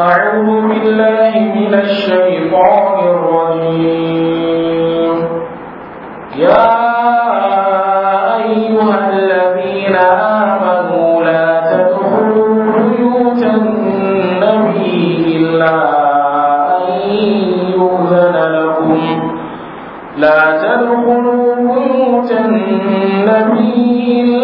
أعوذ بالله من الشيطان الرجيم يا أيها الذين آمنوا لا تدخلوا بيوت النبي إلا أن يؤذن لكم لا تدخلوا بيوت النبي إلا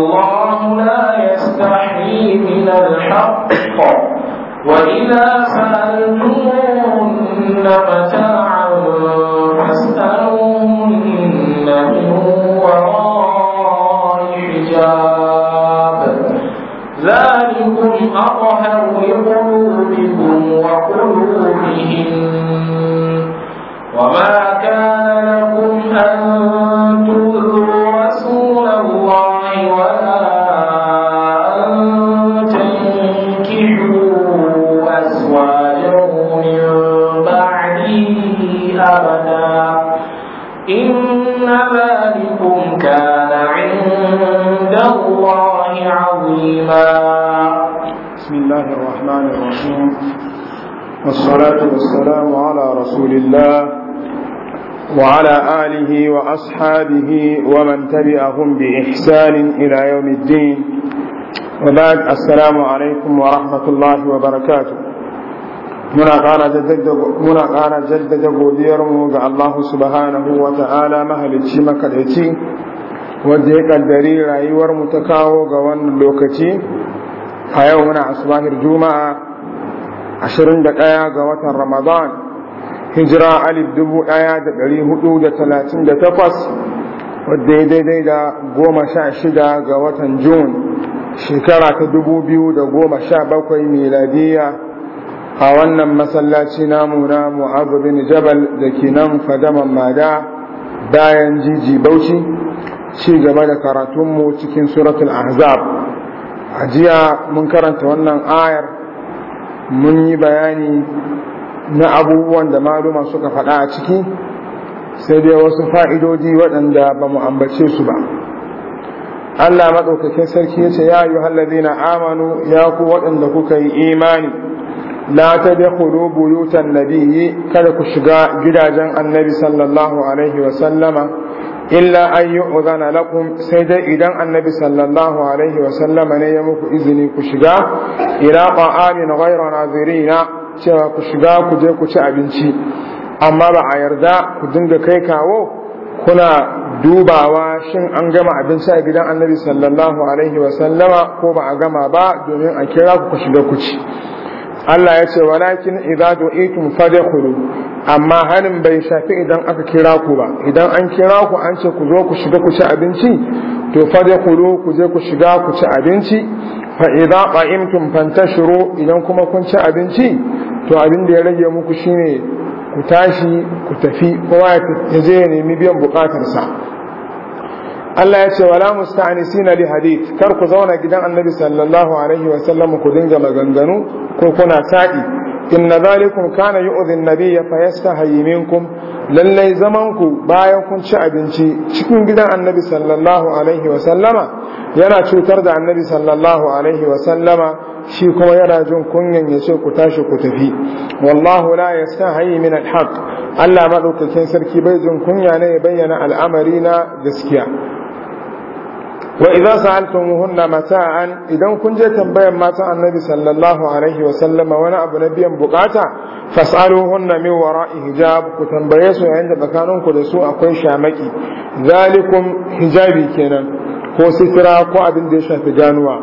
والله لا يستحي من الحق وإذا سألتموهن متاعا فاسألوهن من وراء حجاب ذلكم أطهر لقلوبكم وقلوبهم وما كان لكم أن رسول الله وعلى آله وأصحابه ومن تبعهم بإحسان إلى يوم الدين وبعد السلام عليكم ورحمة الله وبركاته muna ƙara jaddada godiyarmu ga Allah subhanahu wa ta'ala mahalicci makadaici wanda ya ƙaddari rayuwarmu ta kawo ga wannan lokaci a yau muna asubahir juma'a 21 ga watan ramadan hijira alif dubu ɗaya da ɗari hudu da talatin da takwas wadda ya daidai da goma sha shida ga watan Jun shekara ta dubu biyu da goma sha bakwai miladiya a wannan masallaci namu na mu'azu jabal da ke nan fadaman mada bayan jiji bauchi ci gaba da karatunmu cikin suratul ahzab a jiya mun karanta wannan ayar mun yi bayani na abubuwan da maluma suka faɗa a ciki sai dai wasu fa'idodi waɗanda ba mu ambace su ba Allah maɗaukakin sarki ya ce ya yi hallazi na amanu ya ku waɗanda kuka yi imani la ta da kudu buyutan nabiyyi kada ku shiga gidajen annabi sallallahu alaihi illa an yi uzana lakum sai dai idan annabi sallallahu alaihi ne ya muku izini ku shiga ila ƙa'amin ghairu nazirina cewa ku shiga ku je ku ci abinci amma ba a yarda ku dinga kai kawo kuna dubawa shin an gama abinci a gidan annabi sallallahu alaihi wa sallama, ko ba a gama ba domin a kira ku shiga ku ci Allah ya ce walakin idza du'itum fadkhulu amma hanin bai shafi idan aka kira ku ba idan an kira ku an ce ku zo ku shiga ku ci abinci to fadkhulu ku je ku shiga ku ci abinci fa'iza fanta fantashiro idan kuma kun ci abinci to abin da ya rage muku shine ku tashi ku tafi kowa ya je ya nemi biyan bukatarsa Allah ya ce wala musta'nisina na lihadi, kar ku zauna gidan Annabi sallallahu alaihi wa sallam ku dinga maganganu ko kuna sa'i inna zalikum kana yu'dhi an ya fa yastahi minkum lallai zaman ku bayan kun ci abinci cikin gidan Annabi sallallahu alaihi wa sallama yana cutar da Annabi sallallahu alaihi wa sallama shi kuma yana jin kunyan ya ce ku tashi ku tafi wallahu la yastahi min al-haq Allah madaukakin sarki bai jin kunya ne ya bayyana al'amari na gaskiya wa idza sa'altumuhunna mata'an idan kun je tambayan matan annabi sallallahu alaihi wa sallama wani abu na biyan buƙata fas'aluhunna min wara'i hijab ku tambaye su yayin da tsakaninku da su akwai shamaki zalikum hijabi kenan ko sitira ko abin da ya shafi ganuwa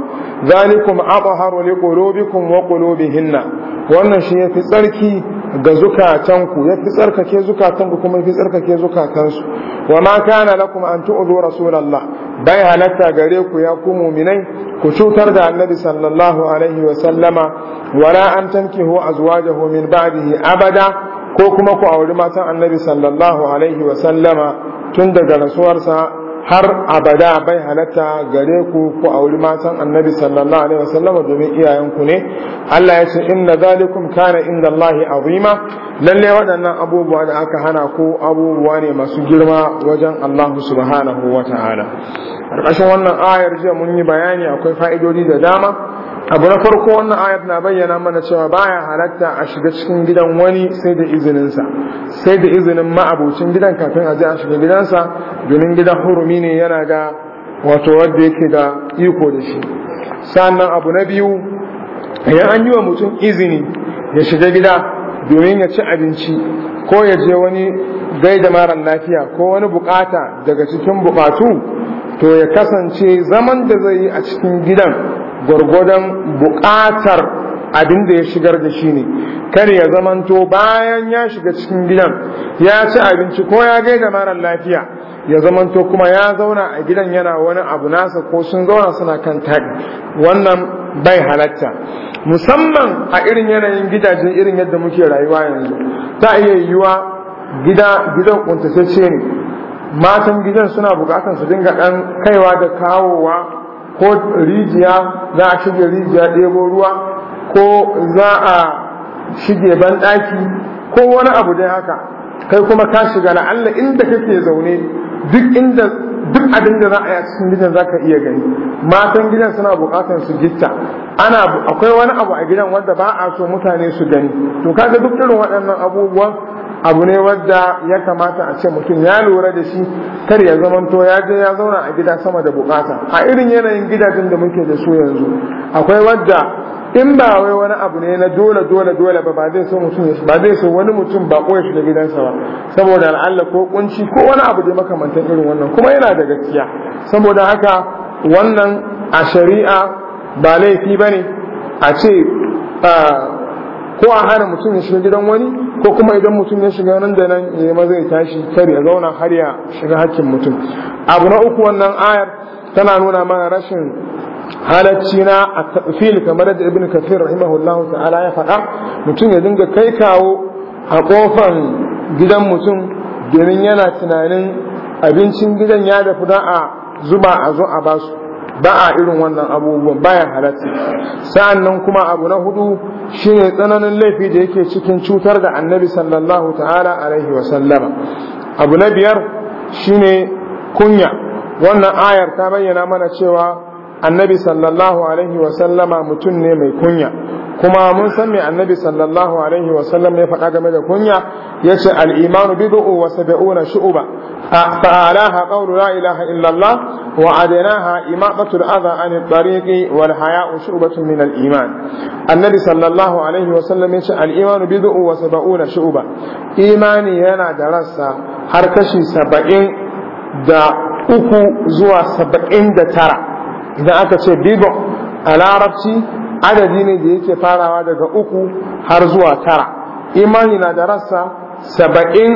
zalikum adharu liqulubikum wa qulubihinna wannan shi yafi tsarki ga zukatanku yafi tsarkake zukatanku kuma yafi tsarkake zukatansu wa ma kana lakum an tu'dhu rasulallah bai halatta gare ku ya ku mu'minai ku cutar da annabi sallallahu alaihi wa sallama wala an tankihu azwajahu min ba'dihi abada ko kuma ku auri matan annabi sallallahu alaihi wa sallama tun daga rasuwarsa har abada bai halatta gare ku ku auri matan annabi sallallahu alaihi wasallama domin iyayenku ne Allah ya ce inna zalikum kana inda Allahi azima lalle waɗannan abubuwa da aka hana ko abubuwa ne masu girma wajen Allah subhanahu wa ta'ala ƙarƙashin wannan ayar jiya mun yi bayani akwai fa'idodi da dama abu na farko wannan ayat na bayyana mana cewa baya halatta a shiga cikin gidan wani sai da izininsa sai da izinin ma'abocin gidan kafin a je a shiga gidansa domin gida hurumi ne yana ga wato wanda yake da iko da shi sannan abu na biyu ya an yi wa mutum izini ya shiga gida domin ya ci abinci ko ya je wani gaida marar lafiya ko wani bukata daga cikin bukatu to ya kasance zaman da zai yi a cikin gidan gwargwadon buƙatar abin da ya shigar da shi ne kar ya zamanto bayan ya shiga cikin gidan ya ci abinci ko ya gaida marar lafiya ya zamanto kuma ya zauna a gidan yana wani abu nasa ko sun zauna suna kan tag wannan bai halatta musamman a irin yanayin gidajen irin yadda muke rayuwa yanzu ta iya yiwuwa gida gidan kuntatacce ne matan gidan suna bukatan su dinga dan kaiwa da kawowa ko rijiya za a shige rijiya ɗebo ruwa ko za a shige banɗaki ko wani abu dai haka kai kuma ka shiga na Allah inda kake zaune duk inda duk abin da za a yi a cikin gidan za ka iya gani matan gidan suna bukatar su gitta ana akwai wani abu a gidan wanda ba a so mutane su gani to kaga duk irin waɗannan abubuwan abu ne wadda ya kamata a ce mutum ya lura da shi kar ya zamanto ya je ya zauna a gida sama da bukata a irin yanayin gidajen da muke da su yanzu akwai wadda in ba wai wani abu ne na dole dole dole ba zai so mutum ba zai so wani mutum ba koyi shi da gidansa ba saboda al'alla ko kunci ko wani abu da makamantan irin wannan kuma yana da gaskiya saboda haka wannan a shari'a ba laifi bane a ce ko a hana mutum ya shiga gidan wani ko kuma idan mutum ya shiga nan da nan ya ma zai tashi kar ya zauna har ya shiga hakkin mutum abu na uku wannan ayar tana nuna mana rashin halacci na a tafil kamar da ibn kafir rahimahullahu ta'ala ya faɗa mutum ya dinga kai kawo a ƙofan gidan mutum domin yana tunanin abincin gidan ya dafu da a zuba a zo a basu ba a irin wannan abubuwan baya Sa'an sa'annan kuma abu na hudu shine tsananin laifi da yake cikin cutar da annabi sallallahu ta'ala alaihi abu na biyar shine kunya wannan ayar ta bayyana mana cewa annabi sallallahu alaihi wasallama mutum ne mai kunya kuma mun san me annabi sallallahu alaihi wasallam ya faɗa game da kunya yace al-imanu bid'u wa sab'una shu'ba fa'alaha qawlu la ilaha illallah Allah wa adnaha imaqatu al-adha an at-tariqi wal haya'u shu'batun min al-iman annabi sallallahu alaihi wasallam ce al bi du'u wa sab'una shu'uba. imani yana da rassa har kashi 70 da uku zuwa saba'in da tara. idan aka ce bid'a a larabci adadi ne da yake farawa daga uku har zuwa tara imani na da rassa saba'in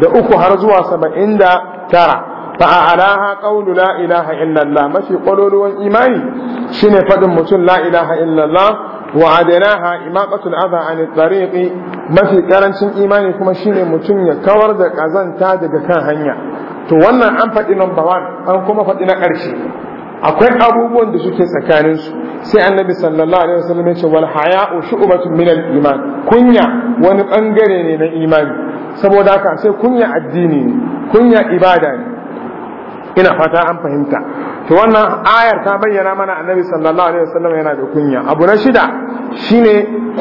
da uku har zuwa saba'in da tara fa'alaha qawlu la ilaha illallah mafi kwaloluwan imani shine faɗin mutum la ilaha illallah wa adanaha imaqatul adha an tariqi mafi karancin imani kuma shine mutum ya kawar da kazanta daga kan hanya to wannan an faɗi number 1 an kuma faɗi na ƙarshe akwai abubuwan da suke tsakanin su sai annabi sallallahu alaihi wasallam ya ce wal haya'u shu'batun min al iman kunya wani bangare ne na imani saboda haka sai kunya addini ne kunya ibada ne ina fata an fahimta to wannan ayar ta bayyana mana annabi sallallahu alaihi wasallam yana da kunya abu na shida shine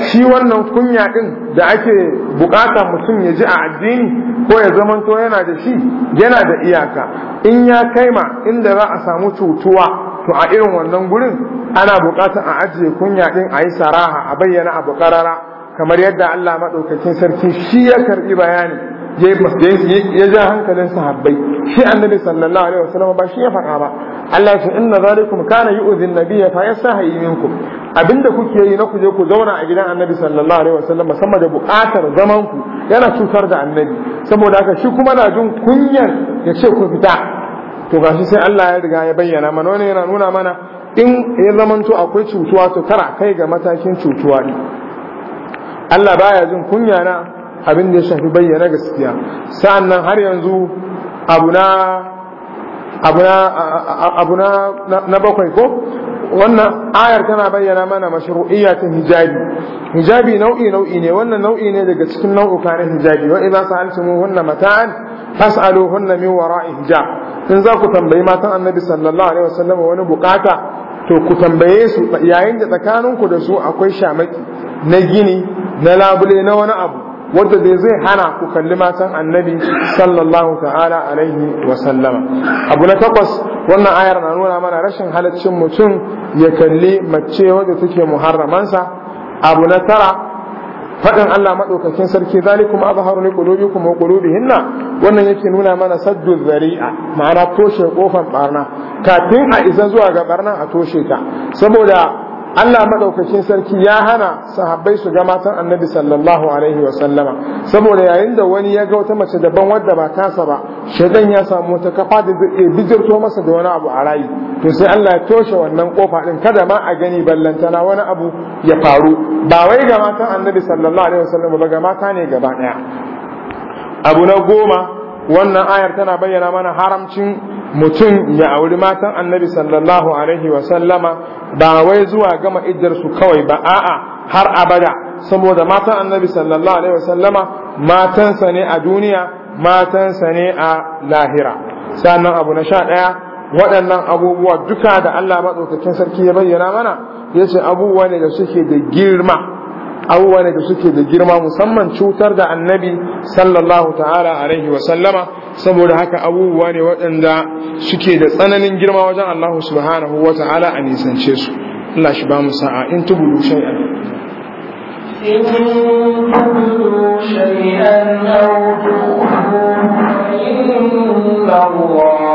shi wannan kunya din da ake bukata mutum ya ji a addini ko ya zamanto yana da shi yana da iyaka in ya kaima inda za a samu cutuwa to a irin wannan gurin ana bukatar a ajiye kunya din a yi saraha a bayyana abu karara kamar yadda Allah madaukakin sarki shi ya karbi bayani ya ja hankalin sahabbai shi annabi sallallahu alaihi wasallam ba shi ya faɗa ba Allah ya ce inna zalikum kana yu'dhin nabiyya fa yasaha yiminkum abinda kuke yi na kuje ku zauna a gidan annabi sallallahu alaihi wasallam sama da buƙatar zaman ku yana cutar da annabi saboda haka shi kuma na jin kunyar ya ce ku fita to gashi sai Allah ya riga ya bayyana mana wannan yana nuna mana in ya zamanto akwai cutuwa to tara kai ga matakin cutuwa Allah baya jin kunya na abin da ya shafi bayyana gaskiya sa'annan har yanzu abu na bakwai ko wannan ayar tana bayyana mana mashru'iyyatin hijabi hijabi nau'i nau'i ne wannan nau'i ne daga cikin nau'uka na hijabi wa sa'alci mu hunna mata'an fas'alu hunna min wara'i hijab in za ku tambayi matan annabi sallallahu alaihi wasallam wani bukata to ku tambaye su yayin da tsakaninku da su akwai shamaki na gini na labule na wani abu wadda dai zai hana ku kalli matan annabi sallallahu ta'ala alaihi wa sallama abu na takwas wannan ayar na nuna mana rashin halaccin mutum ya kalli mace wadda take muharramansa abu na tara faɗin Allah maɗaukakin sarki zalikum azharu li qulubikum wa qulubihinna wannan yake nuna mana saddu zari'a ma'ana toshe kofar barna kafin a isa zuwa ga barna a toshe ta saboda Allah madaukakin sarki ya hana sahabbai su ga matan annabi sallallahu alaihi wa sallama saboda yayin da wani ya ga wata mace daban wadda ba tasa ba shaidan ya samu wata kafa da zai bijirto masa da wani abu a rayi to sai Allah ya toshe wannan kofa din kada ma a gani ballantana wani abu ya faru ba wai ga matan annabi sallallahu alaihi wa sallama ba ga mata ne gaba daya abu na goma wannan ayar tana bayyana mana haramcin mutum ya auri matan annabi sallallahu alaihi wa sallama ba wai zuwa gama iddarsu kawai ba a'a har abada saboda matan annabi sallallahu alaihi wa sallama matansa ne a duniya matansa ne a lahira sannan abu na sha ɗaya waɗannan abubuwa duka da Allah maɗaukakin sarki ya bayyana mana ya abubuwa ne da suke da girma awwala da suke da girma musamman cutar da annabi sallallahu ta'ala alaihi wa sallama saboda haka abubuwa ne waɗanda suke da tsananin girma wajen Allah subhanahu wa ta'ala a nisance su Allah shi ba mu sa'a in tubulu shay'an إن شيئا أو تؤمن فإن الله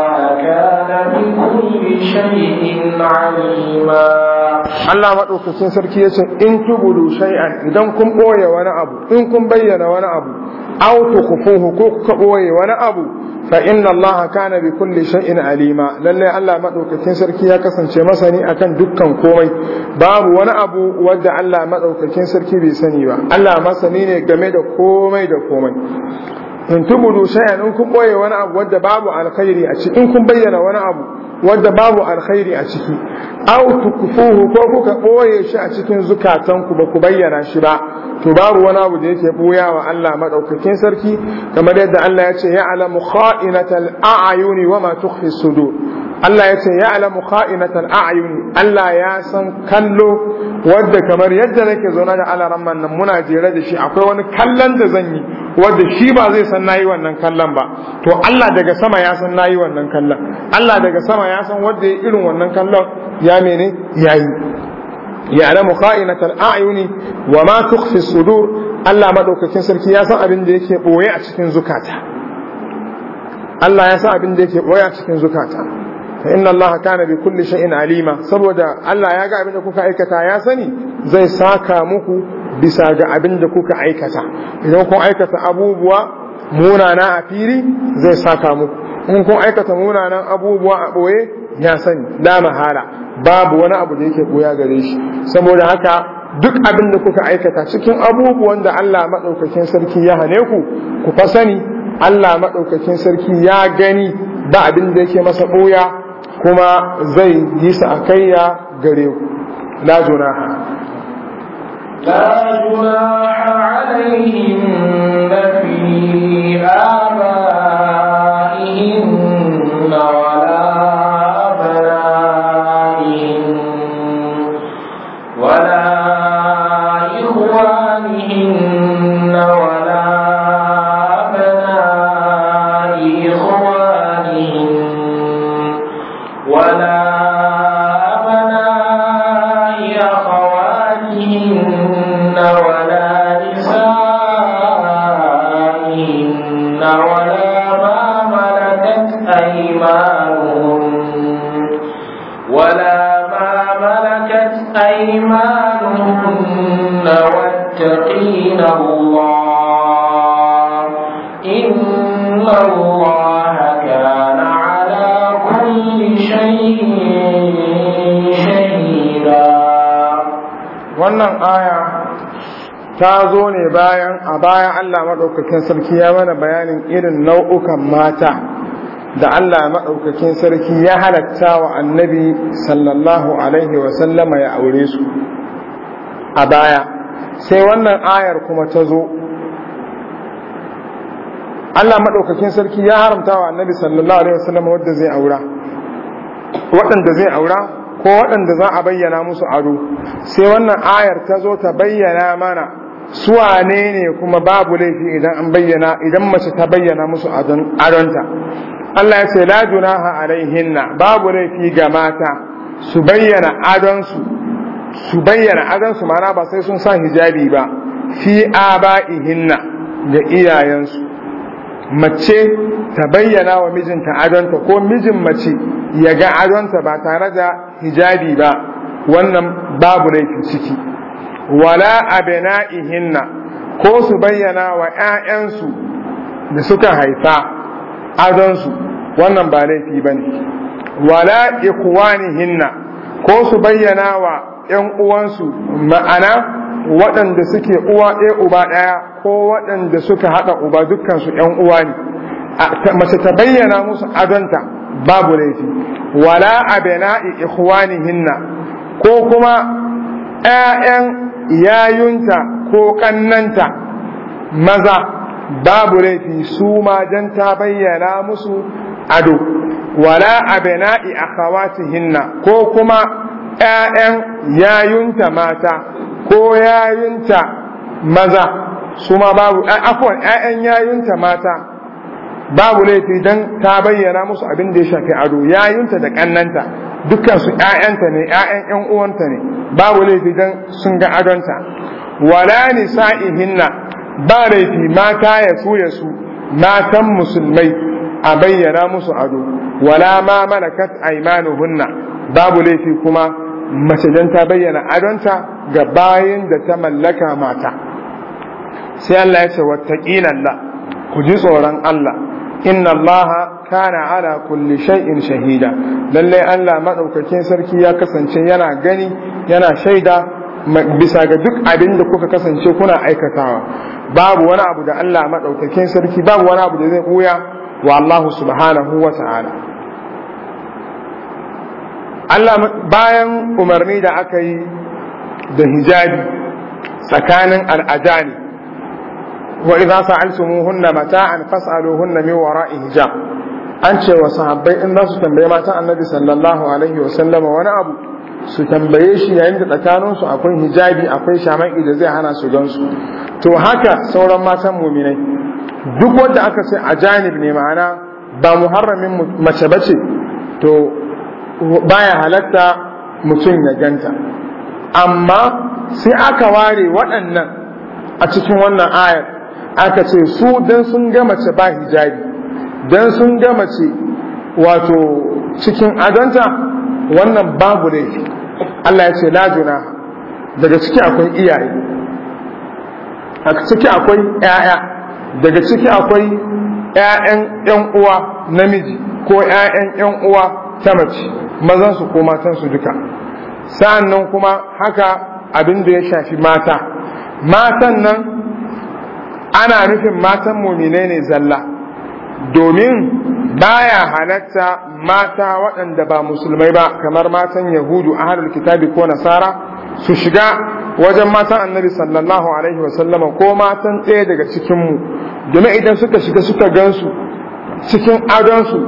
Allah maɗaukacin sarki ya ce in tubudu shay'an idan kun ɓoye wani abu in kun bayyana wani abu aw tukhfuhu ko kuka ɓoye wani abu fa inna Allah kana bi kulli shay'in alima lalle Allah maɗaukacin sarki ya kasance masani akan dukkan komai babu wani abu wanda Allah maɗaukacin sarki bai sani ba Allah masani ne game da komai da komai in tubudu shay'an in kun ɓoye wani abu wanda babu alkhairi a in kun bayyana wani abu Wanda babu alkhairi a ciki au tukufuhu ko kuka boye shi a cikin zukatanku ba ku bayyana shi ba to babu wani abu da yake buya wa Allah madaukakin sarki kamar yadda Allah ya ce alamu kha'inatal a'yuni wa ma tukhfi sudur Allah ya ce alamu kha'inatal a'yuni Allah ya san kallo wanda kamar yadda nake zauna da alaran man nan muna jere da shi akwai wani kallon da zan yi wanda shi ba zai san nayi wannan kallon ba to Allah daga sama ya san nayi wannan kallon Allah daga sama ya san wanda ya irin wannan kallon ya mene yayi ya'lamu kha'inatal a'yuni wa ma tukhfi sudur Allah madaukakin sarki ya san abin da yake boye a cikin zukata Allah ya san abin da yake boye a cikin zukata fa inna Allah kana bi kulli shay'in alima saboda Allah ya ga abin da kuka aikata ya sani zai saka muku bisa ga abin da kuka aikata idan kun aikata abubuwa munana a fili zai saka muku in kun aikata munanan abubuwa a boye ya sani la mahala babu wani abu da yake goya gare shi saboda haka duk abin da kuka aikata cikin abubuwan da Allah maɗaukakin sarki ya hane ku ku fa sani Allah maɗaukakin sarki ya gani ba abin da yake masa ɓoya kuma zai yi sa a kaiya gare ku la junaha لا ta zo ne bayan a bayan Allah maɗaukakin sarki ya mana bayanin irin nau'ukan mata da Allah maɗaukakin sarki ya halatta wa annabi sallallahu alaihi wasallama ya aure su a baya sai wannan ayar kuma ta zo Allah maɗaukakin sarki ya haramta wa annabi sallallahu alaihi wasallama wadda zai aura waɗanda zai aura ko waɗanda za a bayyana musu ado sai wannan ayar ta zo ta bayyana mana su wane ne kuma babu laifi idan an bayyana idan mace ta bayyana musu adonta Allah ya ce la junaha alaihinna babu laifi ga mata su bayyana adonsu su bayyana su mana ba sai sun sa hijabi ba fi aba'ihinna da iyayensu mace ta bayyana wa mijinta adonta ko mijin mace ya ga adonta ba tare da hijabi ba wannan babu laifi ciki wala abna'ihinna ko su bayyana wa ‘ya'yansu da suka haifa azansu wannan ba laifi ba ne wala ikwanihinna ko su bayyana wa ‘yan uwansu ma'ana waɗanda suke uwa ɗaya uba ɗaya ko waɗanda suka haɗa uba dukkansu ‘yan uwa ne mace ta bayyana musu adonta babu laifi wala abna'i ikhwanihinna ko kuma ‘ya'yan yayunta ko kannanta maza babu laifi su ma dan ta bayyana musu ado wala abna'i akhawatihinna ko kuma ƴaƴan yayunta mata ko yayunta maza su ma babu afwan ƴaƴan yayunta mata babu laifi dan ta bayyana musu abin da ya shafi ado yayinta da kannanta dukkan su ƴaƴanta ne ƴaƴan ƴan uwanta ne babu laifi dan sun ga adonta wala nisa'ihinna ba laifi mata ya so ya su matan musulmai a bayyana musu ado wala ma malakat aymanuhunna babu laifi kuma mace dan ta bayyana adonta ga bayin da ta mallaka mata sai Allah ya ce wattaqina Allah ku ji tsoron Allah inna allaha kana ala kulli shay'in shahida lalle Allah madaukakin sarki ya kasance yana gani yana shaida bisa ga duk abin da kuka kasance kuna aikatawa babu wani abu da Allah madaukakin sarki babu wani abu da zai buya wa Allah subhanahu wa ta'ala Allah bayan umarni da aka yi da hijabi tsakanin al'ajani wa idza sa'altumuhunna mata'an fas'aluhunna min wara'i hijab an ce wa sahabbai in za su tambaye matan annabi sallallahu alaihi wa sallama wani abu su tambaye shi yayin da tsakanin su akwai hijabi akwai shamaki da zai hana su gan su to haka sauran matan muminai duk wanda aka ce a janib ne ma'ana ba muharramin mace bace to baya halatta mutum ya ganta amma sai aka ware waɗannan a cikin wannan ayar aka ce su dan sun ga mace ba hijabi dan sun gama ce wato cikin adanta wannan babu ne Allah ya ce la juna daga ciki akwai iyaye a ciki akwai ƴaƴa daga ciki akwai ƴaƴan ƴan uwa namiji ko ƴaƴan ƴan uwa ta mace mazan su ko matan su duka sa'annan kuma haka abin da ya shafi mata matan nan ana nufin matan muminai ne zalla domin baya halatta mata waɗanda ba musulmai ba kamar matan yahudu halar kitabi ko nasara su shiga wajen matan annabi sallallahu alaihi wasallama ko matan ɗaya daga cikinmu domin idan suka shiga suka gansu cikin adonsu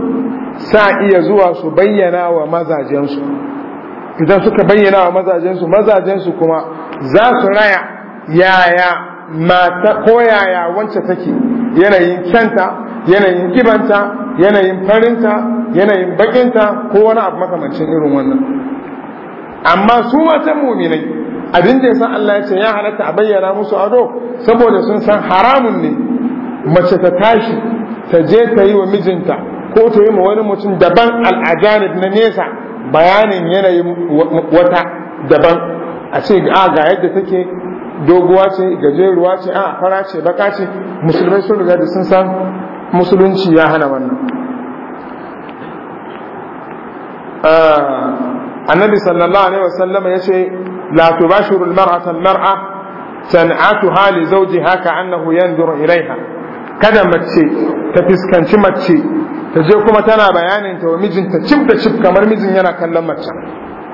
sa iya zuwa su bayyana wa mazajensu idan suka bayyana wa mazajensu mazajensu kuma za su raya yaya mata koyaya wance take yanayin kyanta yanayin kibanta yanayin farinta yanayin bakinta ko wani abu makamancin irin wannan amma su wata muminai abin da yasa Allah ya ce ya halatta a bayyana musu ado saboda sun san haramun ne mace ta tashi ta je ta yi wa mijinta ko ta yi ma wani mutum daban al'ajanib na nesa bayanin yanayin wata daban a ce ah, ga yadda take doguwa ce gajeruwa ce a fara ce baka ce musulmai sun riga da sun san musulunci ya hana wannan ah, annabi sallallahu alaihi wasallam ya ce la tubashirul mar'ata mar'a tan'atuha li zawjiha ka annahu yanzur ilaiha kada mace ta fiskanci mace ta je kuma tana bayanin ta wa mijinta cif da cif kamar mijin yana kallon mace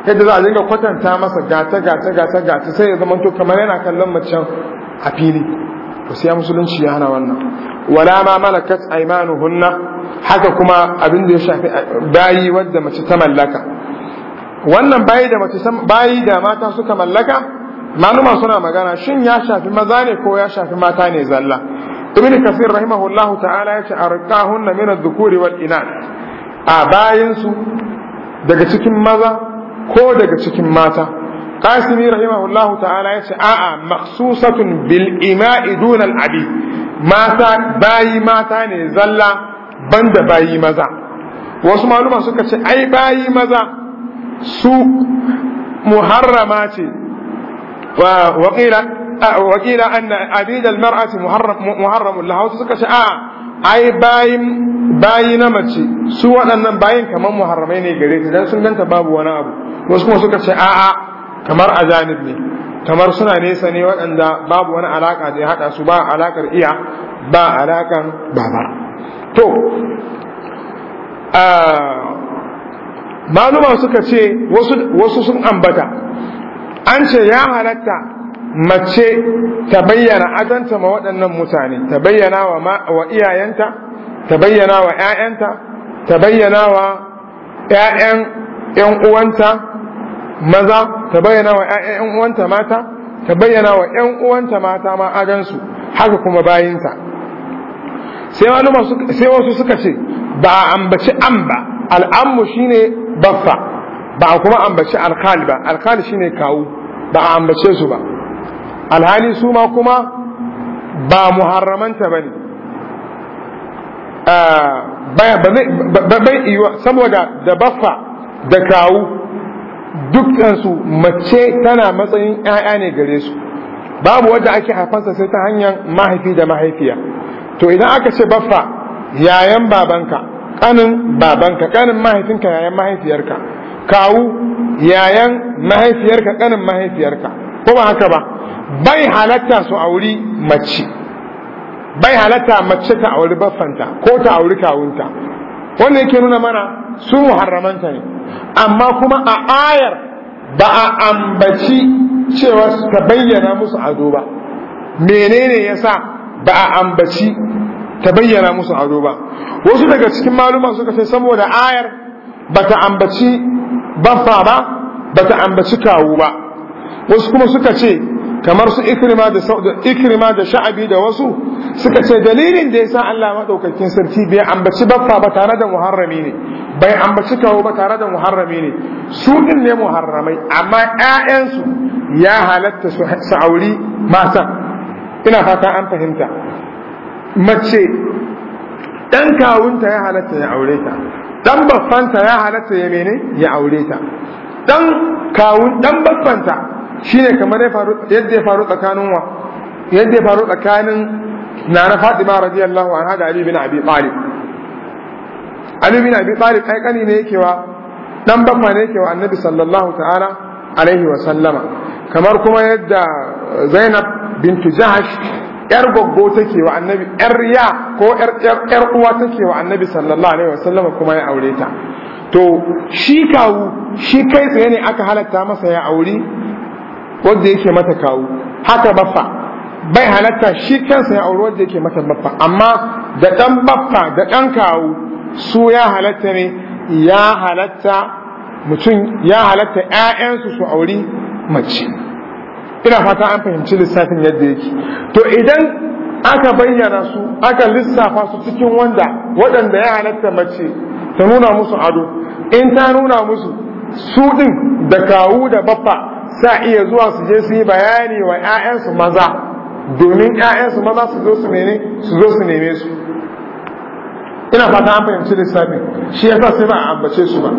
yadda za a dinga kwatanta masa gata gata gata gata sai ya zama to kamar yana kallon macen a fili to sai musulunci ya hana wannan wala ma malakat aymanuhunna haka kuma abin da ya shafi eh, bayi wadda mace ta mallaka wannan bayi da mace bayi da mata suka mallaka manuma suna magana shin ya shafi maza ne ko ya shafi mata ne zalla ibn kasir rahimahullahu ta'ala yace arqahunna min adh-dhukuri wal inath a bayin su daga cikin maza ko daga cikin mata qasimi rahimahullahu ta'ala yace a'a maksusatun bil ima'i dun al abi mata bayi mata ne zalla banda bayi maza wasu maluma suka ce ai bayi maza su muharrama ce wa waqila waqila anna abid al mar'ati muharram muharram lahu suka ce a'a ai bayin bayi na mace su waɗannan bayin kamar muharramai ne gare ta dan sun ganta babu wani abu wasu kuma suka ce a'a kamar ajanib ne kamar suna nesa ne waɗanda babu wani alaka da ya haɗa su ba alakar iya ba alakan baba to ah, maluma suka ce wasu sun ambata an ce ya halatta mace ta bayyana adanta ma waɗannan mutane ta bayyana wa iyayenta ta bayyana wa 'ya'yanta ta bayyana wa 'ya'yan 'yan uwanta maza ta bayyana wa 'ya'yan 'yan uwanta mata ta bayyana wa 'yan uwanta mata ma adansu haka kuma bayinta sai wasu suka ce ba a ambaci an ba al'ammu shine baffa ba a kuma ambaci alkhali ba alkhali shine kawu ba a ambace su ba alhali su ma kuma ba muharramanta ba ne ah, bai iya saboda da baffa da kawu dukansu mace tana matsayin 'ya'ya ne gare su babu wadda ake haifansa sai ta hanyar mahaifi da mahaifiya to idan aka ce baffa yayan babanka kanin babanka kanin mahaifinka yayan mahaifiyarka kawu yayan mahaifiyarka kanin mahaifiyarka ko ba haka ba bai halatta su auri mace bai halatta mace ta auri baffanta ko ta auri kawunta wannan yake nuna mana su muharramanta ne amma kuma a ayar ba a ambaci cewa ta bayyana musu ado ba menene yasa ba a ambaci ta bayyana musu ado ba wasu daga cikin maluma suka ce saboda ayar ba ta ambaci baffa ba ba ta ambaci kawu ba wasu kuma suka ce kamar su ikrima da ikrima da sha'abi da wasu suka ce dalilin da yasa Allah madaukakin sarki bai ambaci baffa ba tare da muharrami ne bai ambaci kawo ba tare da muharrami ne su din ne muharramai amma ƴaƴansu ya halatta su auri masa ina fata an fahimta mace dan kawunta ya halatta ya aure ta dan baffanta ya halatta ya mene ya aure ta dan kawun dan baffanta Shi ne kamar yadda ya faru tsakanin wa yadda ya faru tsakanin nana Fatima radiyallahu anha da Ali bin Abi Talib Ali bin Abi tsari kai kani ne yake wa dan ma ne yake wa Annabi sallallahu ta'ala alaihi wa sallama kamar kuma yadda Zainab bintu Jahash yar goggo take wa Annabi yar ya ko yar yar uwa take wa Annabi sallallahu alaihi wa sallama kuma ya aure ta to shi kawu shi kai tsaye ne aka halatta masa ya auri wanda yake mata kawo haka baffa bai halatta shi kansa ya auri wanda yake mata baffa amma da dan baffa da dan kawo su ya halatta ne ya halatta mutum ya halatta ƴaƴansu su auri mace ina fata an fahimci lissafin yadda yake to idan aka bayyana su aka lissafa su cikin wanda waɗanda ya halatta mace ta nuna musu ado in ta nuna musu su ɗin da kawu da baffa sa iya zuwa su je su yi bayani wa 'ya'yansu maza domin 'ya'yansu maza su zo su su zo su neme su ina fata an fahimci lissafi shi yasa sai ba a ambace su ba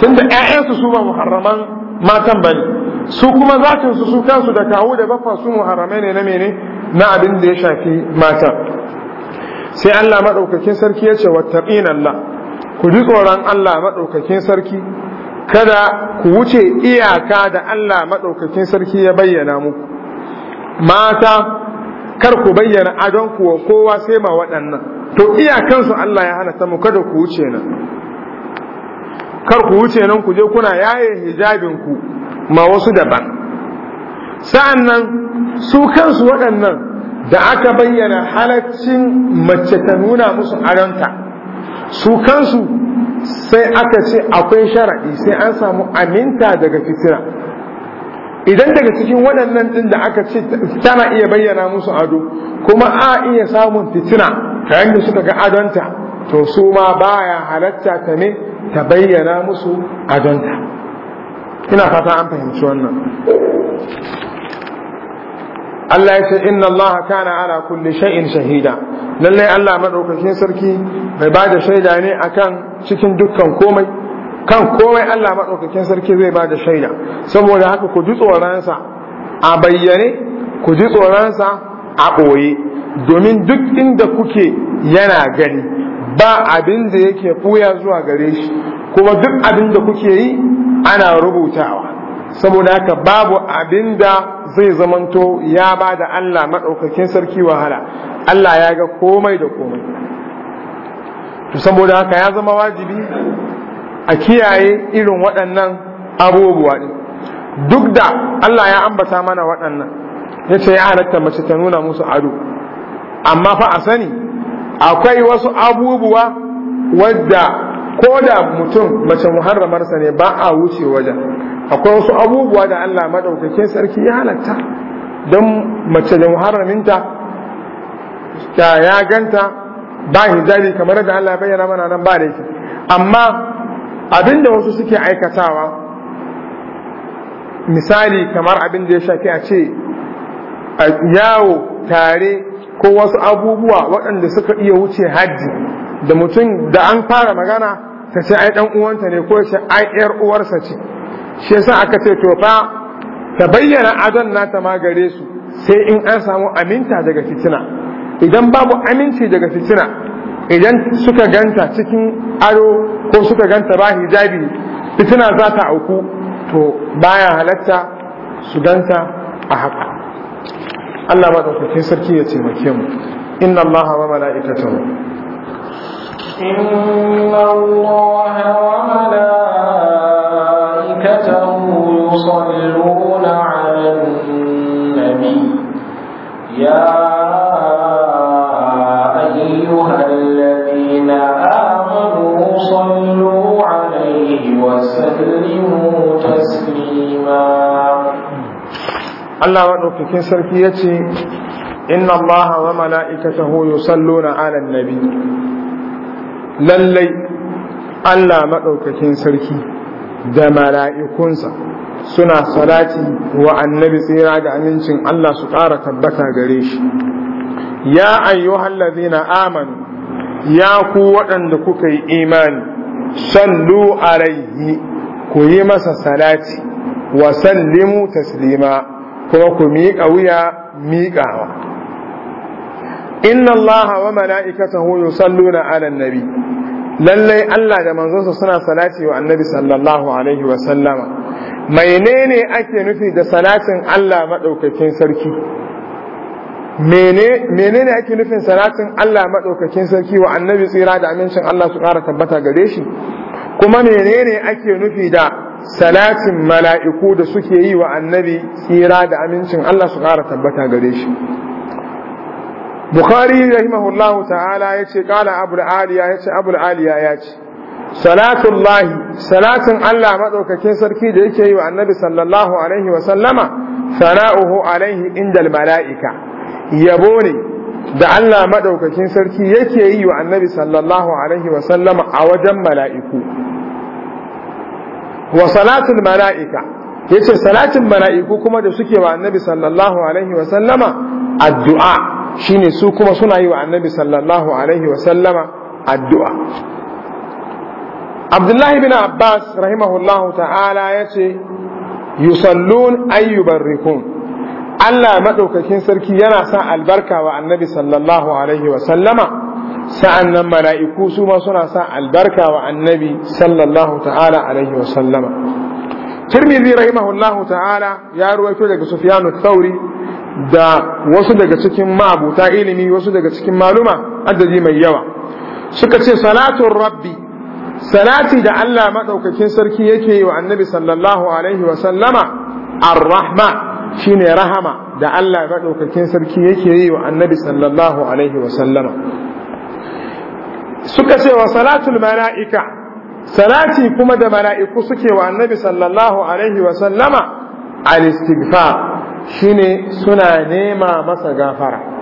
tunda 'ya'yansu su ba muharraman matan bane su kuma zakin su su kansu da kawo da baffa su muharramai ne na mene na abin da ya shafi mata sai Allah madaukakin sarki ya ce wattaqina Allah ku ji tsoron Allah madaukakin sarki kada ku wuce iyaka da Allah maɗaukakin sarki ya bayyana muku mata kar ku bayyana adon kuwa kowa sai ma waɗannan to iyakansu Allah ya hana ta mu kada ku wuce nan kar ku wuce nan ku je kuna yaye hijabin ku ma wasu daban sa'annan su kansu waɗannan da aka bayyana halaccin mace ta nuna musu adonta su kansu sai aka ce akwai sharaɗi sai an samu aminta daga fitina idan daga cikin waɗannan ɗin da aka ce tana iya bayyana musu ado kuma a iya samun fitina ta da suka ga adonta to su ma baya halatta ta ne ta bayyana musu adonta ina fata an fahimci wannan Allah ya ce inna Allah kana ala kulle sha'in shahida Lallai Allah madaukakin sarki bai ba da shaida ne akan cikin dukkan komai kan komai Allah madaukakin sarki zai ba da shaida saboda haka ku ji tsoronsa a bayyane ku ji tsoronsa a ɓoye domin duk inda kuke yana gani ba abin da yake ɓuya zuwa gare shi kuma duk abin da kuke yi ana rubutawa saboda haka babu abin da zai zamanto ya ba da Allah maɗaukakin sarki wahala Allah ya ga komai da komai to saboda haka ya zama wajibi a kiyaye irin waɗannan abubuwa ɗin duk da Allah ya ambata mana waɗannan ya ce ya halatta mace ta nuna musu ado amma fa a sani akwai wasu abubuwa wadda ko da mutum mace muharramarsa ne ba a wuce wajen akwai wasu abubuwa da Allah madaukakin sarki ya halatta don mace da muharraminta ta ya ganta ba hijari kamar da Allah bayyana mana nan ba da yake amma abinda wasu suke aikatawa misali kamar abinda ya shafi a ce yawo tare ko wasu abubuwa waɗanda suka iya wuce hajji da mutum da an fara magana ta ce ai ɗan uwanta ne ko ce ai ƴar uwarsa ce shi yasa aka ce to fa ta bayyana adon nata ma gare su sai in an samu aminta daga fitina idan babu aminci daga fitina idan suka ganta cikin aro ko suka ganta ba hijabi fitina za ta auku to baya halatta su ganta a haka Allah ba ɗaukakin sarki ya taimake mu inna Allah wa mala'ikatahu inna Allah wa mala'ikatahu يصلون على النبي يا أيها الذين آمنوا صلوا عليه وسلموا تسليما الله ونككين سركيتي إن الله وملائكته يصلون على النبي للي Allah maɗaukakin sarki da mala'ikunsa suna salati wa annabi tsira da amincin Allah su ƙara tabbata gare shi ya ayyuhal na amanu ya ku waɗanda kuka yi imani sallu alaihi ku yi masa salati wa sallimu taslima kuma ku miƙa wuya miƙawa inna Allah wa mala'ikatahu yusalluna ala nabi lallai Allah da manzonsa suna salati wa annabi sallallahu alaihi wa sallama menene ake nufi da salatin Allah maɗaukakin sarki menene ake nufin salatin Allah maɗaukakin sarki wa annabi tsira da amincin Allah su ƙara tabbata gare shi kuma menene ake nufi da salatin mala'iku da suke yi wa annabi tsira da amincin Allah su ƙara tabbata gare shi Bukhari rahimahullahu ta'ala ya ce ƙala abu aliya ya ce abu aliya ya ce salatullahi salatin Allah madaukakin sarki da yake yi wa annabi sallallahu alaihi wa sallama sana'uhu alaihi indal mala'ika yabo ne da Allah madaukakin sarki yake yi wa annabi sallallahu alaihi wa sallama a wajen mala'iku wa salatul mala'ika yace salatin mala'iku kuma da suke wa annabi sallallahu alaihi wa sallama addu'a shine su kuma suna yi wa annabi sallallahu alaihi wa sallama addu'a abdullahi bin abbas rahimahullahu ta'ala ya ce yusallun ayyubarrikun allah maɗaukakin sarki yana sa albarka wa annabi sallallahu alaihi wa sallama sa'an nan mala'iku su ma suna sa albarka wa annabi sallallahu ta'ala alaihi wa sallama rahimahullahu ta'ala ya ruwaito daga sufiyanu thauri da wasu daga cikin ma'abuta ilimi wasu daga cikin maluma adadi mai yawa suka ce salatun rabbi salati da Allah maɗaukakin sarki yake yi wa annabi sallallahu alaihi wa sallama ar-rahma shine rahama da Allah maɗaukakin sarki yake yi wa annabi sallallahu alaihi wa sallama suka ce wa salatul mala'ika salati kuma da mala'iku suke wa annabi sallallahu alaihi wa sallama al-istighfar shine suna nema masa gafara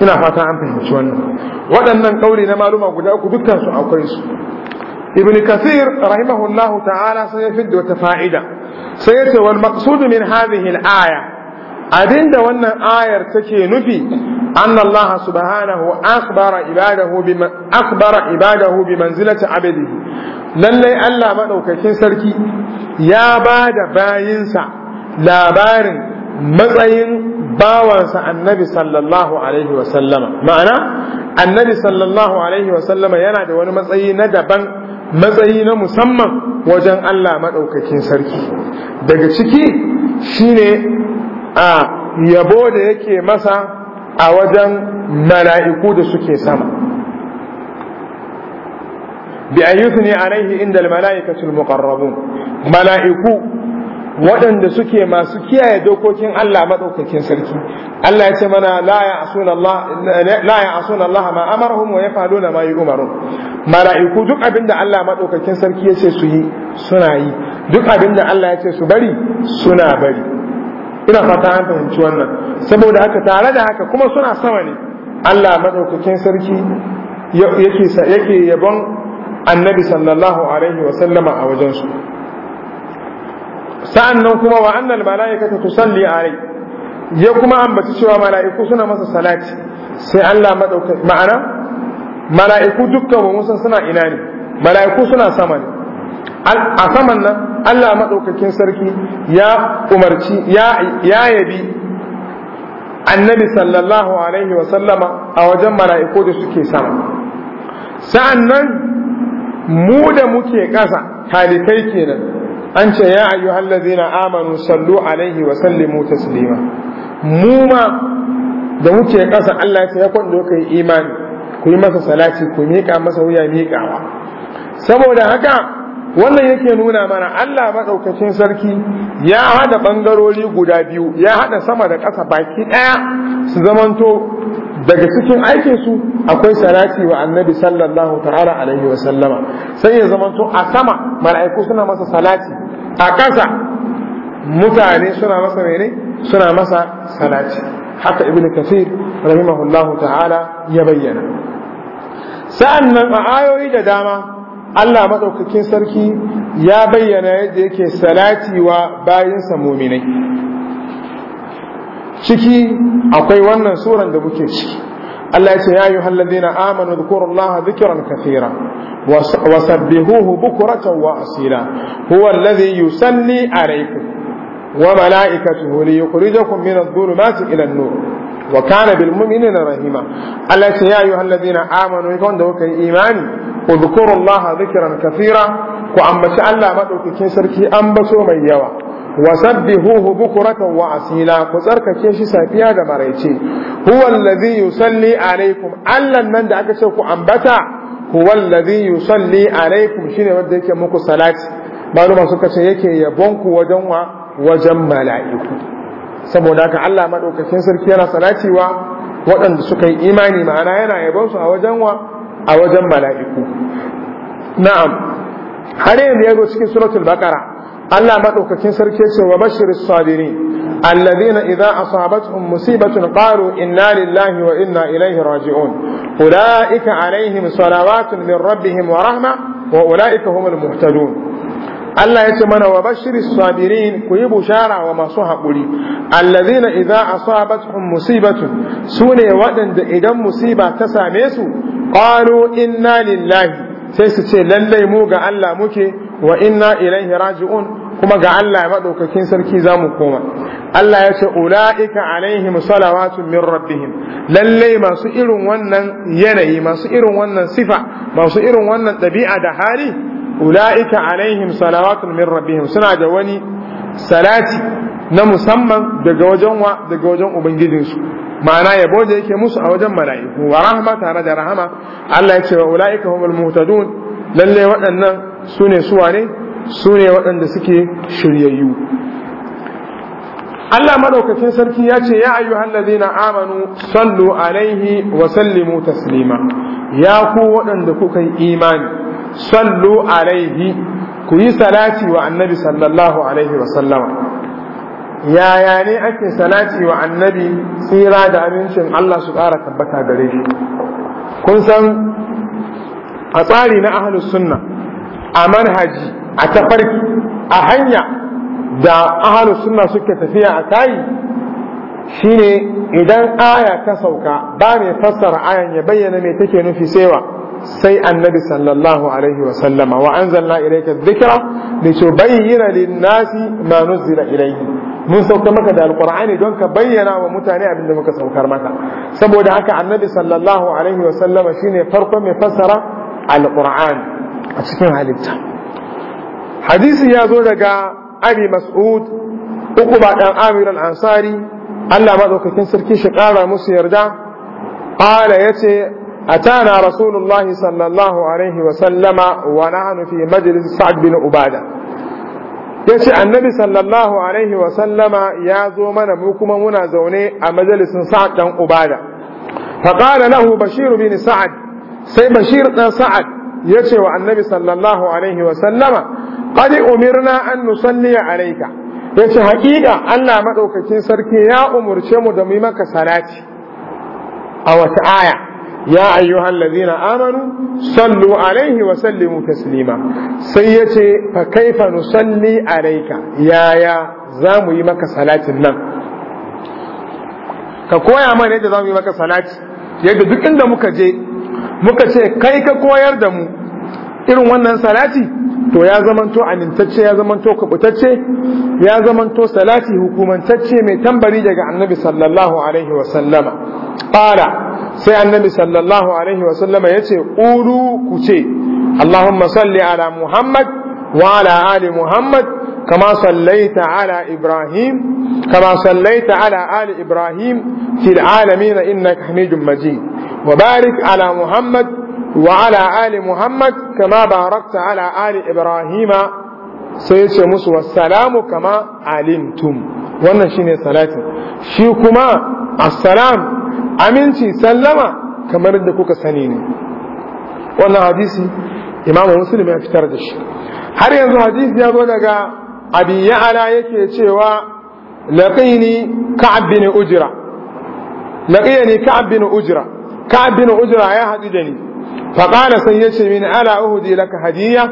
ina fata an fahimci wannan waɗannan ƙauri na maluma guda uku dukkan su akwai su ibn kathir rahimahullahu ta'ala sai ya fidda wata fa'ida sai ya ce wal maqsud min hadhihi al-aya abinda wannan ayar take nufi أن الله سبحانه أخبر عباده بما أخبر عباده بمنزلة عبده للي ألا مدوكاكين سركي يا بعد باينسا labarin matsayin bawansa annabi sallallahu alaihi wasallama ma'ana annabi sallallahu alaihi wasallama yana da wani matsayi na daban matsayi na musamman wajen Allah maɗaukakin sarki daga ciki shine a yabo da yake masa a wajen mala'iku da suke sama bi ayyuthni alaihi inda al-mala'ikatu al-muqarrabun mala'iku waɗanda suke masu kiyaye dokokin Allah maɗaukakin sarki Allah ya ce mana la ya asuna Allah ma amarahum wa na ma umaru. mala'iku duk abinda Allah maɗaukakin sarki ya ce su yi suna yi duk abinda Allah ya ce su bari suna bari ina fata an fahimci wannan saboda haka tare da haka kuma suna sama ne Allah maɗaukakin sarki yake yabon annabi sallallahu alaihi wa sallama a wajensu sa'annan kuma wa annal mala'ikata tusalli rai. ya kuma ambaci cewa mala'iku suna masa salati sai Allah madauka ma'ana mala'iku dukkan wa musan suna ina ne mala'iku suna sama ne a saman nan Allah maɗaukakin sarki ya umarci ya yabi annabi sallallahu alaihi wa sallama a wajen mala'iku da suke sama sa'annan mu da muke ƙasa talikai kenan an ce ya ayyuhal na amanu sallu alaihi wa sallimu taslima mu ma da muke kasa Allah ya ya kwando kai imani ku yi masa salati ku miƙa masa wuya miƙawa saboda haka wannan yake nuna mana Allah maɗaukacin sarki ya haɗa ɓangarori guda biyu ya haɗa sama da ƙasa baki ɗaya su zamanto daga cikin aikinsu akwai salati wa annabi sallallahu ta'ala alaihi wa sallama sai ya zamanto a sama mala'iku suna masa salati a ƙasa mutane suna masa mene suna masa salati haka ibn kafir rahimahullahu ta'ala ya bayyana sa'annan a ayoyi da dama Allah maɗaukakin sarki ya bayyana yadda yake salati wa bayinsa muminai ciki akwai wannan suran da muke ciki Allah ya ce ya yi halladina amanu dhkurullaha dhikran kathira wa sabbihuhu bukratan wa asila huwa alladhi yusalli wa mala'ikatuhu li yukhrijakum min adh-dhulumati ila an-nur wa kana bil mu'minina rahima Allah ce ya ayyuhal ladina amanu kun da kuka yi imani udhkuru Allah dhikran kathira ku ambaci Allah madaukakin sarki ambaso mai yawa wa sabbihuhu bukratan wa asila ku tsarkake shi safiya da maraice huwa alladhi salli alaikum Allah nan da aka ce ku ambata huwa alladhi yusalli alaikum shine wanda yake muku salati maluma suka ce yake yabon ku wajen wa wajen mala'iku saboda ka Allah maɗaukakin sarki yana sanacewa waɗanda suka yi imani ma'ana yana yabon su a wajen wa a wajen mala'iku na'am har yanzu yazo cikin suratul bakara Allah maɗaukakin sarki ce wa bashir as-sabirin alladhina idza asabatuhum musibatun qalu inna lillahi wa inna ilayhi raji'un ulaika alaihim salawatun min rabbihim wa rahma wa ulaika humul muhtadun Allah ya ce mana wa bashiri sabirin ku yi bushara wa masu haƙuri allazina idza asabatuhum musibatu sune waɗanda idan musiba ta same su qalu inna lillahi sai su ce lallai mu ga Allah muke wa inna ilaihi raji'un kuma ga Allah madaukakin sarki zamu koma Allah ya ce ulaika alaihim salawatun min rabbihim lallai masu irin wannan yanayi masu irin wannan sifa masu irin wannan ɗabi'a da hali ula'ika alaihim salawatun min rabbihim suna da wani salati na musamman daga wajen wa daga wajen ubangijinsu ma'ana yabo da yake musu a wajen mala'iku wa rahama tare da rahama Allah ya ce wa ula'ika humul muhtadun lalle waɗannan su ne su wane su ne waɗanda suke shiryayyu Allah madaukakin sarki ya ce ya ayyuhal Hallazina amanu sallu alaihi wa sallimu taslima ya ku waɗanda kuka yi imani sallu alaihi ku yi salati wa annabi sallallahu alaihi wa sallama yaya ne ake salati wa annabi tsira da amincin Allah su ƙara tabbata gare shi kun san a tsari na ahlus sunna a manhaji a tafarki a hanya da ahlus sunna suke tafiya a tayi shine idan aya ta sauka ba mai fassara ayan ya bayyana mai take nufi sewa sai annabi sallallahu alaihi wa sallama wa anzalna ilayka dhikra litubayyana lin-nasi ma nuzila ilayhi mun sauka maka da alqur'ani don ka bayyana wa mutane abin da muka saukar maka saboda haka annabi sallallahu alaihi wa sallama shine farkon mai fassara alqur'ani a cikin halitta hadisi ya zo daga abi mas'ud uku dan amir al-ansari Allah madaukakin sarki shi kara musu yarda قال yace أتانا رسول الله صلى الله عليه وسلم ونحن في مجلس سعد بن عبادة yace annabi sallallahu alaihi wa sallama ya zo mana mu kuma muna zaune a majalisin sa'ad dan ubada fa qala lahu bashir bin sa'ad sai bashir dan sa'ad yace wa annabi sallallahu alaihi wa sallama qad umirna an nusalli alayka yace haƙiƙa Allah madaukakin sarki ya umurce mu da mu yi maka salati a wata aya ya ayyuhan lazina amanu sallu alaihi wa sallimu taslima sai ya ce fa kaifa nusalli alaika yaya za yi maka salatin nan ka koya mana yadda zamu mu yi maka salati yadda duk inda muka je muka ce kai ka koyar da mu irin wannan salati to ya zamanto amintacce ya zamanto kubutacce ya zamanto salati hukumantacce mai tambari daga annabi sallallahu alaihi wasallama ƙara sai annabi sallallahu alaihi wasallama ya ce ƙuru ku ce allahumma salli ala muhammad wa ala ali muhammad kama sallaita ala ibrahim kama sallaita ala ali ibrahim fil alamin innaka hamidum majid wa barik ala muhammad وعلى آل محمد كما باركت على آل إبراهيم سيسي مسو والسلام كما علمتم وانا شيني صلاة شيكما السلام أمنتي سلم كما ردكوك سنين وانا حديثي إمام مسلم يفتردش هل ينظر حديث hadisi ya أبي يعلى يكي ya'ala لقيني كعب بن أجرة لقيني كعب بن أجرة كعب بن أجرة يا ujra faƙala sai ya ce mini ala uhudi laka hadiya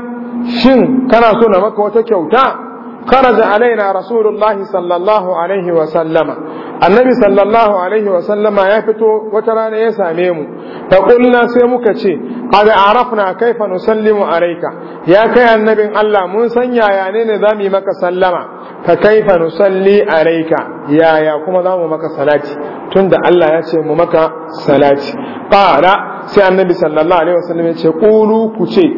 shin kana so na maka wata kyauta خرج علينا رسول الله صلى الله عليه وسلم النبي صلى الله عليه وسلم يفتو وتران يساميم فقلنا سيمك شيء قد عرفنا كيف نسلم عليك يا كي النبي الله من سنيا يعني نظامي مك سلم فكيف نصلي عليك يا يا كما دام مك صلاتي تند الله يسي مك صلاتي قال سي النبي صلى الله عليه وسلم يقول كشي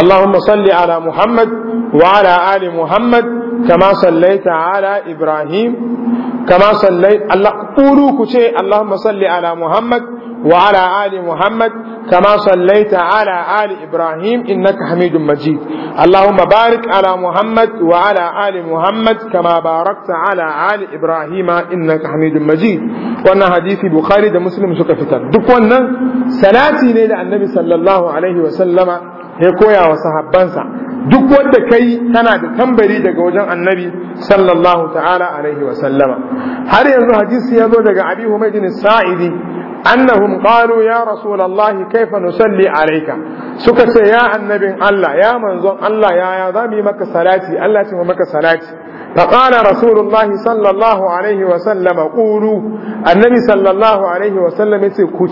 اللهم صل على محمد وعلى آل محمد كما صليت على إبراهيم كما صليت الله قولوا كشيء اللهم صل على محمد وعلى آل محمد كما صليت على آل إبراهيم إنك حميد مجيد اللهم بارك على محمد وعلى آل محمد كما باركت على آل إبراهيم إنك حميد مجيد وأن حديث البخاري ده مسلم سكفتر دكونا سلاتي ليلة النبي صلى الله عليه وسلم ya koya wa sahabbansa duk wanda kai tana da tambari daga wajen annabi sallallahu ta'ala alaihi wa sallama har yanzu hadisi ya zo daga abi humaydin sa'idi annahum qalu ya Allah kaifa nusalli alayka suka ce ya annabin Allah ya manzon Allah ya ya zamu maka salati Allah ce maka salati فقال رسول الله صلى الله عليه وسلم قولوا النبي صلى الله عليه وسلم يقول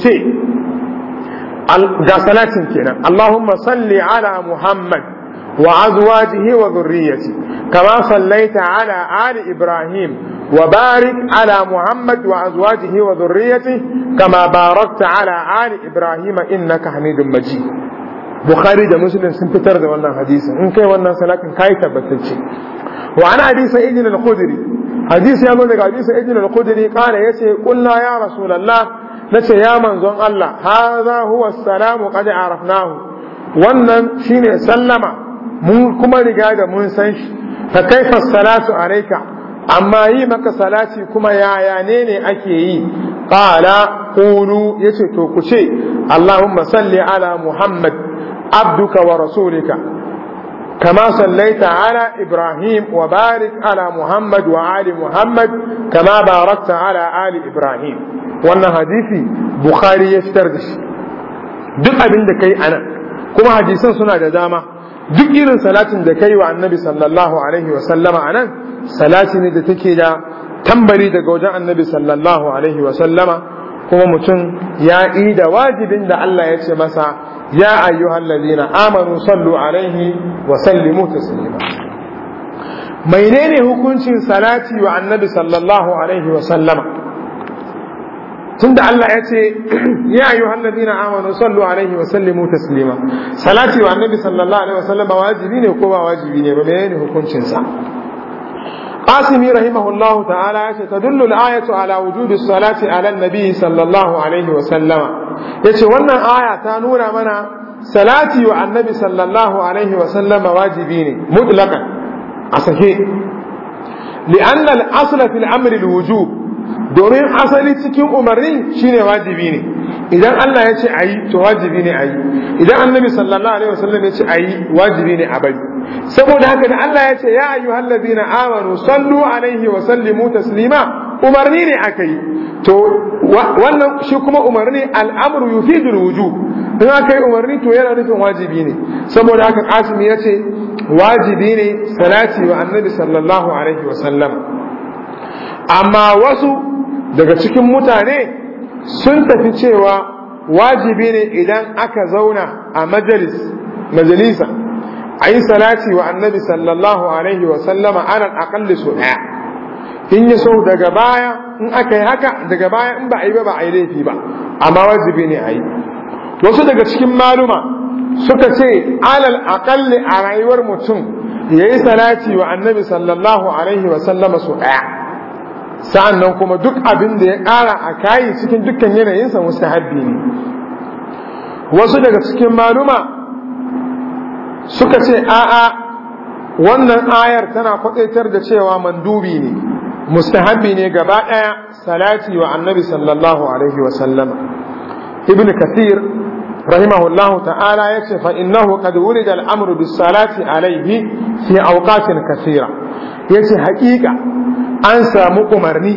ga salatin kenan Allahumma salli ala Muhammad wa azwajihi wa kama sallaita ala ali Ibrahim wa barik ala Muhammad wa azwajihi wa dhurriyyati kama barakta ala ali Ibrahim innaka Hamidum Majid Bukhari da Muslim sun fitar da wannan hadisin in kai wannan salatin kai tabbatacce wa ana hadisa ibn al-Khudri hadisi ya zo daga hadisi ibn al-Khudri ya ce qulna ya rasulullah ce ya manzon Allah za huwa salamu qad arafnahu wannan shine sallama kuma riga da mun san shi Ka kaifa salatu alayka amma yi maka salati kuma yaya ne ne ake yi qala ya ce to ku ce allahumma salli ala muhammad abduka wa rasulika كما صليت على إبراهيم وبارك على محمد وآل محمد كما باركت على آل إبراهيم wannan hadisi bukhari ya fitar da shi duk abin da kai anan kuma hadisan suna da dama duk irin salatin da kai wa annabi sallallahu alaihi wa sallama anan salati ne da take da tambari daga wajen annabi sallallahu alaihi wa sallama kuma mutum ya yi da wajibin da Allah ya ce masa ya ayyuhal ladina amanu sallu alaihi wa sallimu taslima menene hukuncin salati wa annabi sallallahu alaihi wa sallama tunda Allah ya ce ya ayyuhal ladina amanu sallu alaihi wa sallimu taslima salati wa annabi sallallahu alaihi wa sallam wajibi ne ko ba wajibi ne ba menene hukuncin sa رحمه الله تعالى تدل الآية على وجود الصلاة على النبي صلى الله عليه وسلم yace wannan aya ta nuna mana salati wa annabi sallallahu alaihi wa sallama wajibi ne mutlaqan a sahi li'anna al-asla fil amri wujub domin asali cikin umarni shine wajibi ne idan Allah ya ce ayi to wajibi ne ayi idan annabi sallallahu alaihi wasallam ya ce ayi wajibi ne a bari saboda haka da Allah ya ce ya ayyuhallazina amanu sallu alaihi wa sallimu taslima umarni ne akai to wannan shi kuma umarni al'amru yufidu wujub idan akai umarni to yana nufin wajibi ne saboda haka qasim ya ce wajibi ne salati wa annabi sallallahu alaihi wa sallam amma wasu daga cikin mutane sun tafi cewa wajibi ne idan aka zauna a majalis majalisa a yi salati wa annabi sallallahu alaihi wa sallama anan akalli su ɗaya in yi so daga baya in aka yi haka daga baya in ba a yi ba ba a yi laifi ba amma wajibi ne a yi wasu daga cikin maluma suka ce alal akalli a rayuwar mutum ya yi salati wa annabi sallallahu alaihi wa sallama su ɗaya sa'an nan kuma duk abin da ya ƙara a kayi cikin dukkan yanayinsa mustahabbi ne wasu daga cikin maluma suka ce a'a wannan ayar tana kwatsaitar da cewa mandubi ne mustahabbi ne gaba ɗaya salati wa annabi sallallahu alaihi wa sallama ibn kathir rahimahullahu ta'ala ya ce fa innahu qad wurida al-amru bis salati alaihi fi awqatin kathira ya ce haƙiƙa an samu umarni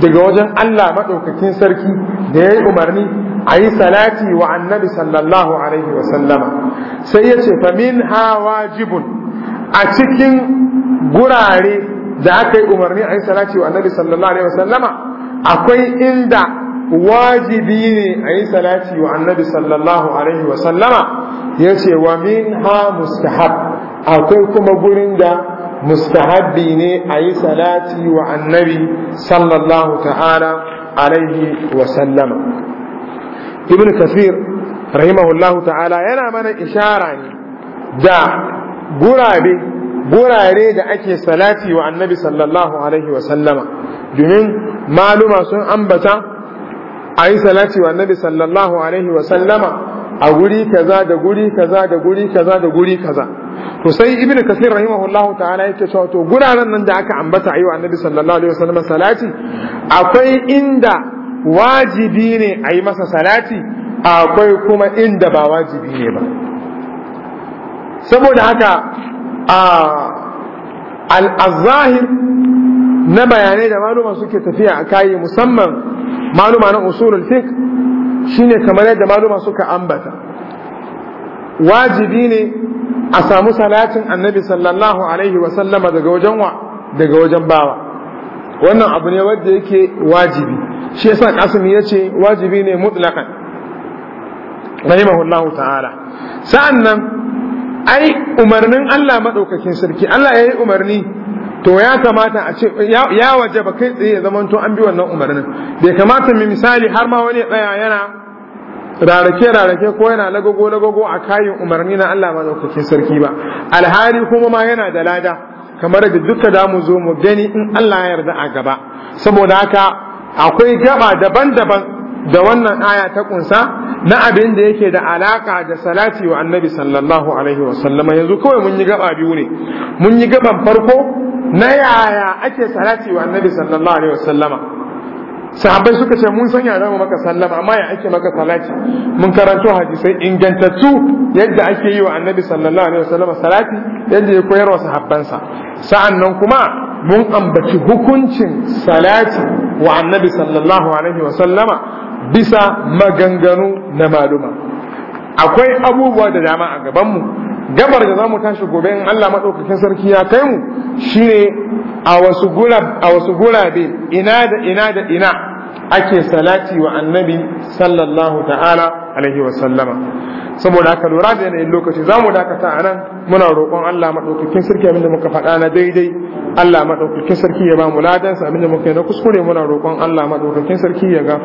daga wajen Allah maɗaukakin sarki da ya yi umarni a yi salati wa annabi sallallahu alaihi wasallama sai ya ce famin ha wajibun a cikin gurare da aka yi umarni a yi salati wa annabi sallallahu alaihi wasallama akwai inda wajibi ne a yi salati wa annabi sallallahu alaihi wasallama ya ce wa min ha mustahab akwai kuma gurin da mustahabbi ne a yi salati wa annabi sallallahu ta'ala alaihi wa sallama ibn kasir rahimahullahu ta'ala yana mana ishara ne da gurabe gurare da ake salati wa annabi sallallahu alaihi wa sallama domin maluma sun ambata a yi salati wa annabi sallallahu alaihi wa sallama a guri kaza da guri kaza da guri kaza da guri kaza to sai ibnu kasir rahimahullahu ta'ala yake cewa to guraren nan da aka ambata ayi wa annabi sallallahu alaihi wasallam salati akwai inda wajibi ne ayi masa salati akwai kuma inda ba wajibi ne ba saboda haka al azahir na bayanai da maluma suke tafiya a kayi musamman maluma na usulul fiqh shine kamar yadda maluma suka ambata wajibi ne a samu salatin annabi sallallahu alaihi wasallama daga wajen wa daga wajen bawa wannan abu ne wanda yake wajibi shi yasa kasimi yace wajibi ne mutlaqan rahimahullahu ta'ala nan, ai umarnin Allah madaukakin sarki Allah yi umarni to ya kamata a ce ya waje ba kai tsaye zama to an bi wannan umarnin bai kamata mai misali har ma wani tsaya yana rarake rarake ko yana lagogo lagogo a kayan umarni na Allah lokacin sarki ba alhali kuma ma yana da lada kamar da duka da mu zo mu gani in Allah ya yarda a gaba saboda haka akwai gaba daban-daban da wannan aya ta kunsa na abin da yake da alaka da salati wa annabi sallallahu alaihi wa sallama, yanzu kawai mun yi gaba biyu ne mun yi gaban farko na yaya ake salati wa annabi sallallahu alaihi wa sallama. sahabbai suka ce mun san yaran mu maka sallama amma ya ake maka salati mun karanto hadisai ingantattu yadda ake yi wa annabi sallallahu alaihi wasallam salati yadda ya koyarwa sahabbansa sa'annan kuma mun ambaci hukuncin salati wa annabi sallallahu alaihi wasallama bisa maganganu na maluma akwai abubuwa da dama a gabanmu gabar da zamu tashi gobe in Allah maɗaukakin sarki ya kai mu shine a wasu a wasu gurabe ina da ina da ina ake salati wa annabi sallallahu ta'ala alaihi wa sallama saboda haka lura da yanayin lokaci za mu dakata a nan muna roƙon Allah maɗaukakin sarki abinda muka faɗa na daidai Allah maɗaukakin sarki ya ba mu ladansa abinda muka yi na kuskure muna roƙon Allah maɗaukakin sarki ya ga